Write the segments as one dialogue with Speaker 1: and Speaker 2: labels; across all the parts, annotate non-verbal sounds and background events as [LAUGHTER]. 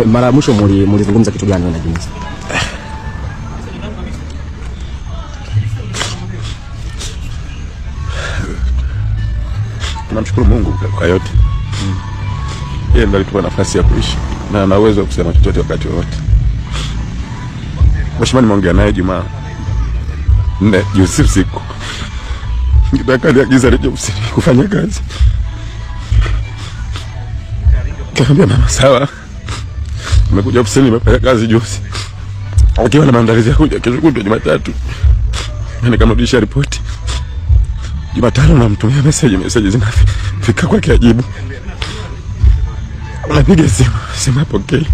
Speaker 1: Eh, mara ya mwisho mlizungumza kitu gani na Juma?
Speaker 2: Tunamshukuru Mungu kwa yote mm. Yeye ndiye alitupa nafasi ya kuishi na ana uwezo wa kusema chochote wakati wote. Mheshimiwa, nimeongea naye juma nne juzi usiku, nikitaka aliagiza reje kufanya kazi, kaambia mama sawa Amekuja ofisini amefanya kazi juzi. Akiwa na maandalizi ya kuja kesho kutwa Jumatatu. Na nikamrudisha ripoti. Jumatano namtumia message, message zinafika kwake ajibu. Napiga simu, simu hapokei.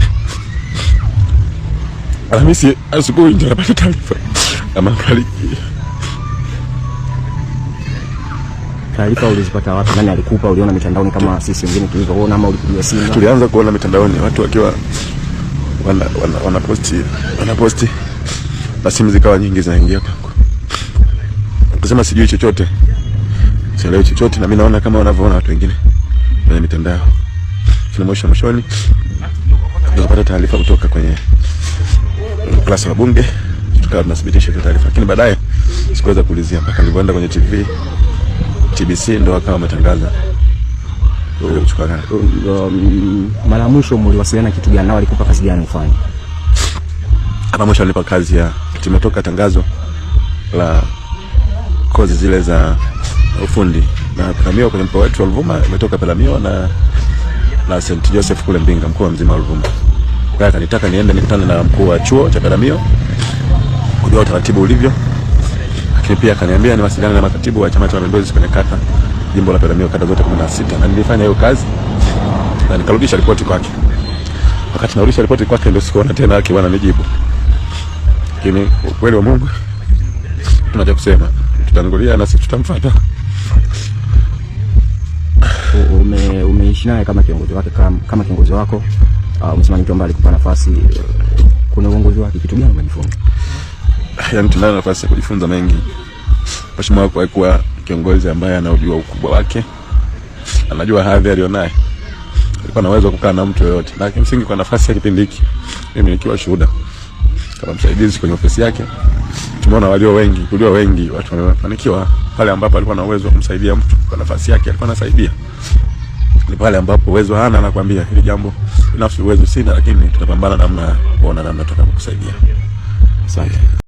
Speaker 2: Alhamisi asubuhi ndio napata taarifa. Amefariki.
Speaker 1: Taarifa ulizipata wapi? Nani alikupa? Uliona mitandaoni kama sisi wengine tulivyoona, ama ulikujua simu?
Speaker 2: Tulianza kuona mitandaoni watu wakiwa wanaposti wana, wana wanaposti na simu zikawa nyingi zinaingia kwangu, kusema sijui chochote, sielewi chochote, na mimi naona kama wanavyoona watu wengine kwenye mitandao. Mwisho mwishoni nikapata taarifa kutoka kwenye klasa wa bunge, tukawa tunathibitisha hiyo taarifa, lakini baadaye sikuweza kuulizia mpaka nilipoenda kwenye TV TBC, ndo wakawa wametangaza
Speaker 1: Um, mara mwisho mliwasiliana kitu gani walikupa kazi gani ufanye?
Speaker 2: Hapa mwisho nilipa kazi ya tumetoka tangazo la kozi zile za ufundi na Pelamio kwenye mkoa wetu wa Ruvuma, imetoka Pelamio na na St Joseph kule Mbinga, mkoa mzima wa Ruvuma. Kwa hiyo akanitaka niende nikutane na mkuu wa chuo cha Pelamio kujua utaratibu ulivyo lakini pia akaniambia niwasiliane na makatibu wa Chama cha Mapinduzi kwenye kata jimbo la Peramiho kata zote 16 na nilifanya hiyo kazi na nikarudisha ripoti kwake. Wakati narudisha ripoti kwake ndio sikuona tena yake bwana nijibu, lakini kweli wa Mungu tunaje kusema tutangulia na sisi tutamfuata.
Speaker 1: Ume, umeishi naye kama kiongozi wake kama, kama kiongozi wako uh, umesema ni mtu ambaye alikupa nafasi. Eh, kuna uongozi wake kitu gani umejifunza?
Speaker 2: [LAUGHS] yani tunayo nafasi ya kujifunza mengi. Mheshimiwa wako alikuwa kiongozi ambaye anaujua ukubwa wake, anajua hadhi alionayo, alikuwa anaweza kukaa na mtu yoyote, na kimsingi kwa nafasi ya kipindi hiki, mimi nikiwa shuhuda kama msaidizi kwenye ofisi yake, tumeona walio wengi kulio wengi watu wamefanikiwa. Pale ambapo alikuwa na uwezo wa kumsaidia mtu kwa nafasi yake, alikuwa anasaidia. Ni pale ambapo uwezo hana, anakuambia hili jambo binafsi uwezo sina, lakini tutapambana namna kuona namna tutakapokusaidia. Asante.